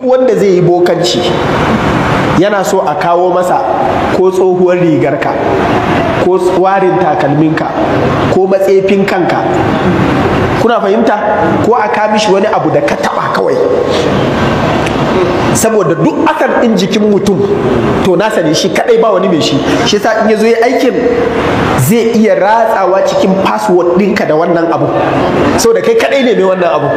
wanda zai yi bokanci yana so a kawo masa ko tsohuwar rigar ka ko warin takalminka ko matsefin kanka kuna fahimta ko a kamishi wani abu da ka taba kawai saboda duk akan ɗin jikin mutum to na sani shi kadai ba wani mai shi shi sa in ya zo ya aikin zai iya ratsawa cikin password dinka da wannan abu saboda kai kadai ne mai wannan abu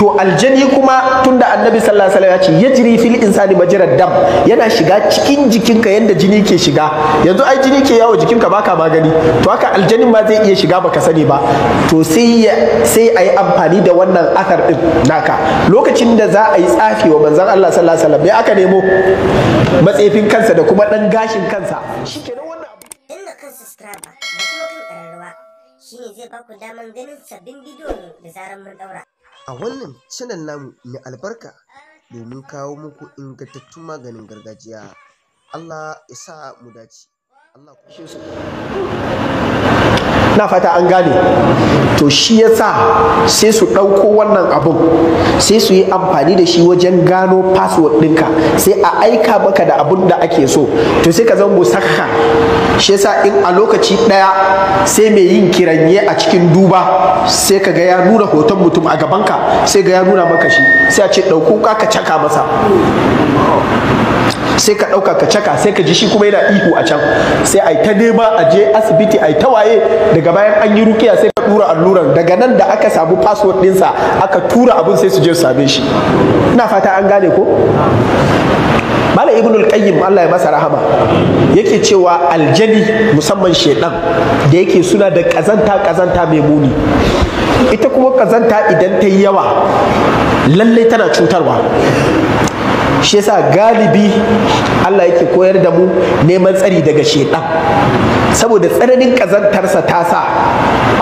to aljani kuma tunda annabi sallallahu alaihi wasallam ya ce yajri fil insani majrad dam yana shiga cikin jikinka yanda jini ke shiga yanzu ai jini ke yawo ka baka magani to haka aljanin ma zai iya shiga baka sani ba to sai sai ayi amfani da wannan akar din naka lokacin da za a yi tsafi yafe wa manzon Allah sallallahu alaihi wasallam aka nemo matsefin kansa da kuma dan gashin kansa shikenan wannan abu inda kan subscribe da kuma kan ƙararrawa shine zai ba ku daman ganin sabbin bidiyo ne da zaran mun daura a wannan channel namu mai albarka domin kawo muku ingantattun maganin gargajiya Allah ya sa mu dace Allah ku shi su na fata an gane to shi ya sa sai su ɗauko wannan abun sai su yi amfani da shi wajen gano password ɗinka sai a aika maka da abun da ake so to sai ka zama musakha shi sa in a lokaci ɗaya sai mai yin kiranye a cikin duba sai ka ga ya nuna hoton mutum a gabanka sai ga ya nuna maka shi sai a ce ɗauko ka caka masa sai ka ɗauka ka caka sai ka ji shi kuma yana ihu a can sai ai ta nema a je asibiti ai ta waye daga bayan an yi rukiya sai ka tura alluran daga nan da aka samu password ɗinsa aka tura abun sai su je su same shi ina fata an gane ko malam ibn al-qayyim Allah ya masa rahama yake cewa aljani musamman shedan da yake suna da kazanta kazanta mai muni ita kuma kazanta idan ta yi yawa lallai tana cutarwa shi yasa galibi Allah yake koyar da mu neman tsari daga shedan saboda tsananin kazantarsa ta sa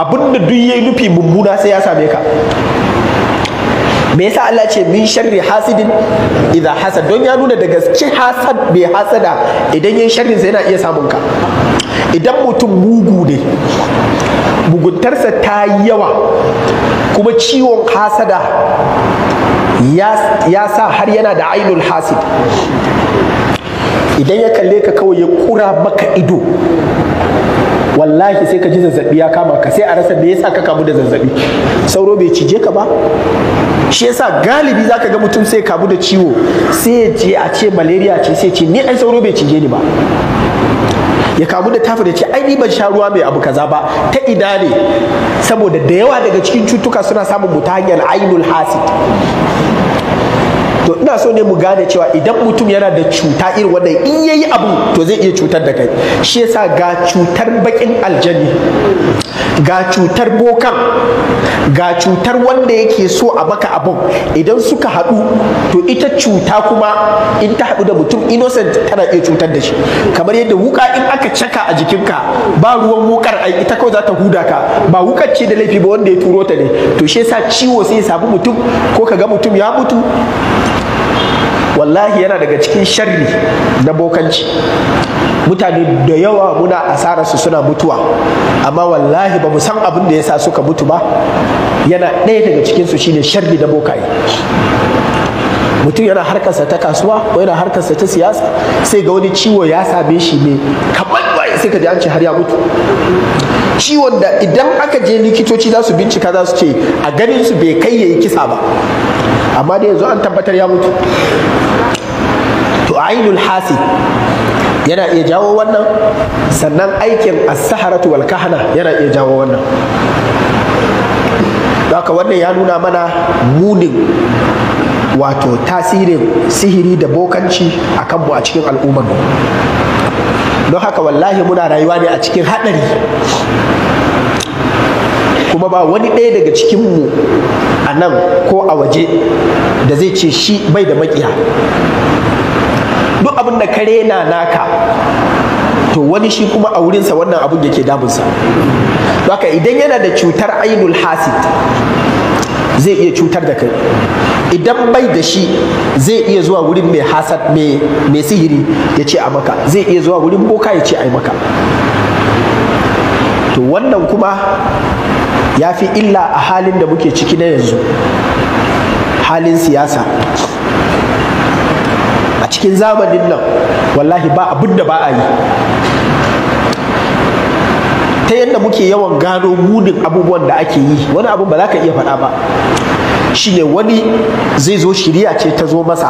abinda duk yayi nufi mummuna sai ya same ka me yasa Allah ce min sharri hasidin idza hasad don ya nuna da gaske hasad bai hasada idan yin sharrin sai yana iya samun ka idan mutum mugu ne muguntarsa ta yi yawa kuma ciwon hasada ya sa har yana da ainul hasid idan ya kalle ka kawai ya kura maka ido wallahi sai ka ji zazzabi ya kama ka sai a rasa da yasa ka kamu da zazzabi sauro bai cije ka ba shi yasa galibi zaka ga mutum sai kamu da ciwo sai ya ce a ce malaria ce sai ce ni ai sauro bai cije ni ba ya kamu da tafi da ce ai ni ban sha ruwa mai abu kaza ba ta ida ne saboda da yawa daga cikin cutuka suna samun mu hanyar ainul hasid to ina so ne mu gane cewa idan mutum yana da cuta irin wannan in yayi abu to zai iya cutar da kai shi yasa ga cutar bakin aljani ga cutar bokan ga cutar wanda yake so a baka abun idan suka haɗu to ita cuta kuma in ta haɗu da mutum innocent tana iya cutar da shi kamar yadda wuka in aka caka a jikinka ba ruwan wukar ai ita kawai za ta huda ka ba wukar ce da laifi ba wanda ya turo ta ne to shi yasa ciwo sai ya samu mutum ko ka ga mutum ya mutu wallahi yana daga cikin sharri na bokanci mutane da yawa muna asararsu suna mutuwa amma wallahi ba san abin da ya sa suka mutu ba yana ɗaya daga cikinsu shine sharri na bokaye mutum yana harkarsa ta kasuwa ko yana harkarsa ta siyasa sai ga wani ciwo ya same shi ne kamar waye sai ka ji an ce har ya mutu ciwon da idan aka je likitoci za su bincika za su ce a ganin su bai kai yayi kisa ba amma da yanzu an tabbatar ya mutu to ainul hasi yana iya jawo wannan sannan aikin as-saharatu wal yana iya jawo wannan haka wannan ya nuna mana munin wato tasirin sihiri da bokanci a kanmu a cikin al'ummar don haka wallahi muna rayuwa ne a cikin haɗari kuma ba wani ɗaya daga cikinmu a nan ko a waje da zai ce shi bai da makiya duk abin da kare na naka to wani shi kuma a wurinsa wannan abin yake damunsa haka idan yana da cutar ainul hasid zai iya cutar da kai idan bai da shi zai iya zuwa wurin mai hasad mai sihiri ya ce a maka zai iya zuwa wurin boka ya ce a maka to wannan kuma ya fi illa a halin da muke ciki na yanzu halin siyasa a cikin zamanin nan wallahi ba abin da ba a yi ta yadda muke yawan gano gudun abubuwan da ake yi wani abin ba za ka iya faɗa ba shi ne wani zai zo shirya ce ta zo masa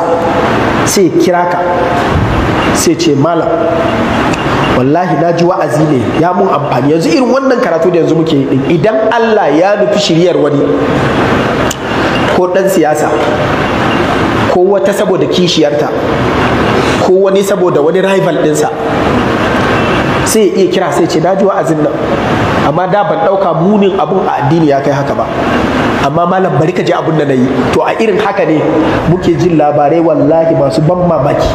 sai kira ka sai ce malam wallahi na ji wa'azi ne ya mun amfani yanzu irin wannan karatu da yanzu muke yi idan Allah ya nufi shiryar wani ko ɗan siyasa ko wata saboda kishiyarta ko wani saboda wani rival ɗinsa sai ya iya kira sai ce na ji wa'azin nan amma da ban ɗauka munin abun a addini ya kai haka ba amma malam bari ka ji abun da na yi to a irin haka ne muke jin labarai wallahi masu ban mamaki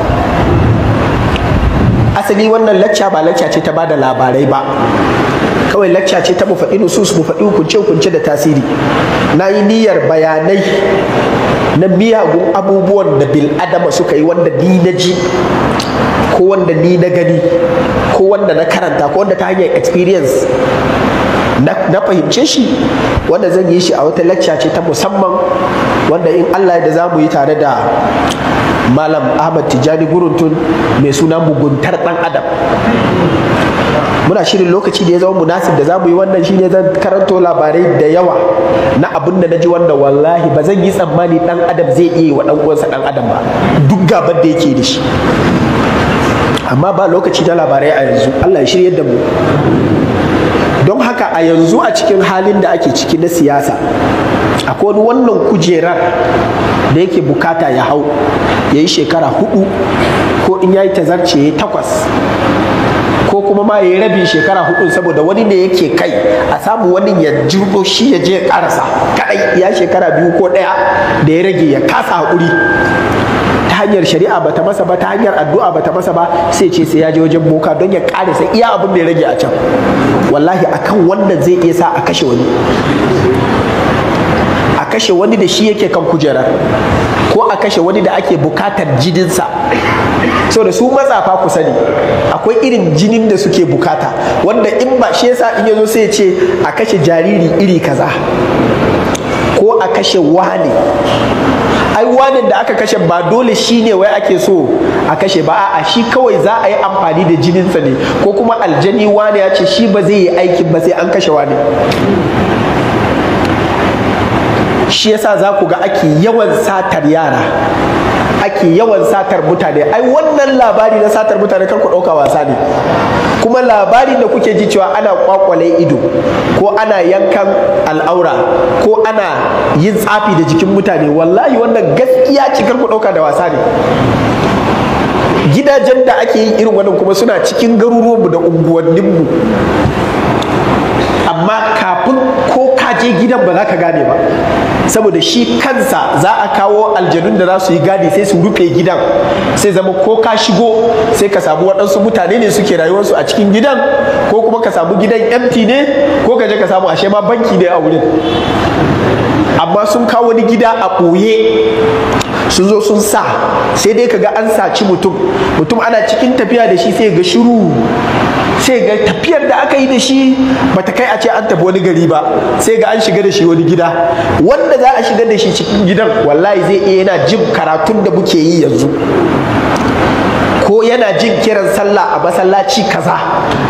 asali wannan lacca ba lacca ce ta ba da labarai ba kawai lacca ce ta mu faɗi nusus mu hukunce hukunce da tasiri na yi niyyar bayanai na miyagun abubuwan da bil adama suka yi wanda ni na ji ko wanda ni na gani ko wanda na karanta ko wanda ta hanyar experience na fahimce shi wanda zan yi shi a wata lacca ce ta musamman wanda in Allah da za mu yi tare da malam ahmad tijjani guruntun mai suna muguntar dan adam muna shirin lokaci da ya zama munasib da za mu yi wannan shi ne zan karanto labarai da yawa na abin da na ji wanda wallahi ba zan yi tsammani dan adam zai iya wa dan uwansa dan adam ba duk gaban da yake da shi amma ba lokaci da labarai a yanzu allah ya shirya da mu a yanzu a cikin halin da ake ciki na siyasa akwai wannan kujerar da yake bukata ya hau ya yi shekara hudu ko in ya yi tazarce ya takwas ko kuma ma ya yi rabin shekara hudu saboda wani ne yake kai a samu wani ya jirgo shi ya je karasa kadai ya shekara biyu ko daya da ya rage ya kasa haƙuri ta hanyar shari'a bata masa ba ta hanyar addu'a bata masa ba sai ce sai ya je wajen boka don ya kare sai iya abin da ya rage a can wallahi akan wannan zai iya sa a kashe wani a kashe wani da shi yake kan kujerar ko a kashe wani da ake bukatar jininsa so da su matsafa ku sani akwai irin jinin da suke bukata wanda in ba shi yasa in yazo sai ya ce a kashe jariri iri kaza ko a kashe wani ai wanin da aka kashe ba dole shi ne wai ake so a kashe ba a shi kawai za a yi amfani da jininsa ne ko kuma aljani wani ya ce shi ba zai yi aikin ba sai an kashe wani shi yasa za ku ga ake yawan satar yara ake yawan satar mutane ai wannan labari na satar mutane kar ku ɗauka wasa ne kuma labarin da kuke ji cewa ana kwakwale ido ko ana yankan al'aura ko ana yin tsafi da jikin mutane wallahi wannan gaskiya ce kar ku ɗauka da wasa ne gidajen da ake yi irin wannan kuma suna cikin garuruwanmu da unguwanninmu amma kafin ko ka je gidan ba za ka gane ba saboda shi kansa za a kawo aljanun da za su yi gadi sai su rufe gidan sai zama ko ka shigo sai ka samu waɗansu mutane ne suke rayuwarsu a cikin gidan ko kuma ka samu gidan empty ne ko ka je ka samu ashe ma banki ne a wurin amma sun kawo wani gida a ɓoye sun zo sun sa sai dai ka ga an saci mutum mutum ana cikin tafiya da shi sai ga shiru sai ga tafiyar da aka yi da shi bata kai a ce an tafi wani gari ba sai ga an shiga da shi wani gida wanda za a shiga da shi cikin gidan wallahi zai iya yana jin karatun da muke yi yanzu ko yana jin kiran sallah a masallaci kaza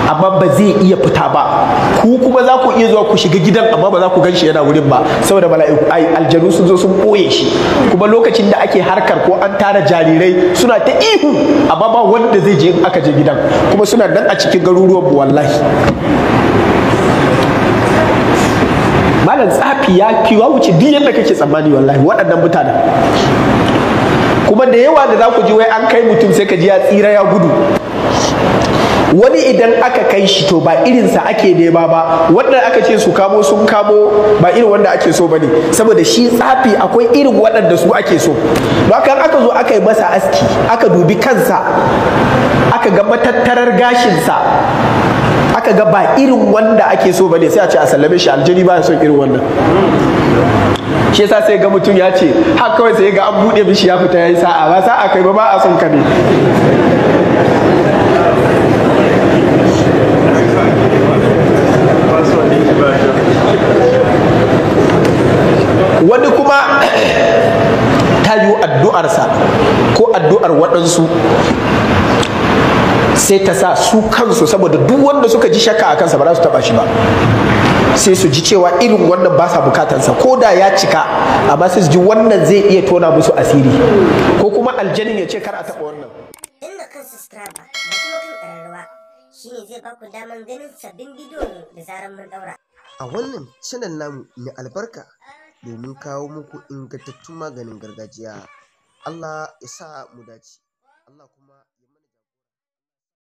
amma ba zai iya fita ba ku kuma za ku iya zuwa ku shiga gidan amma ba za ku ganshi yana wurin ba saboda mala'iku ai aljanu sun zo sun boye shi kuma lokacin da ake harkar ko an tara jarirai suna ta ihu amma ba wanda zai je aka je gidan kuma suna nan a cikin garuruwan wallahi malam tsafi ya kiwa wuce duk yadda kake tsammani wallahi waɗannan mutanen kuma da yawa da za ku ji wai an kai mutum sai ka ji ya tsira ya gudu wani idan aka kai shi to ba irinsa ake nema ba wanda aka ce su kamo sun kamo ba irin wanda ake so ne saboda shi tsafi akwai irin waɗanda su ake so kan aka zo aka yi masa aski aka dubi kansa aka ga matattarar gashinsa aka ga ba irin wanda ake so bane sai a ce a sallame shi aljani ba son irin wannan shi yasa sai ga mutum ya ce har kawai sai ga an buɗe mishi ya fita yayi sa'a ba sa'a kai ba ba a son ka ne wani kuma ta yi addu'arsa ko addu'ar waɗansu sai ta sa su kansu saboda duk wanda suka ji shakka a kansa ba za su taba shi ba sai su ji cewa irin wannan ba sa bukatansa ko da ya cika amma sai su ji wannan zai iya tona musu asiri ko kuma aljanin ya ce kar a taba wannan kan subscribe da kuma kan ƙararrawa shine zai baku ganin sabbin bidiyo da zaran mun a wannan channel namu mai albarka domin kawo muku ingantattun maganin gargajiya Allah ya sa mu dace Allah kuma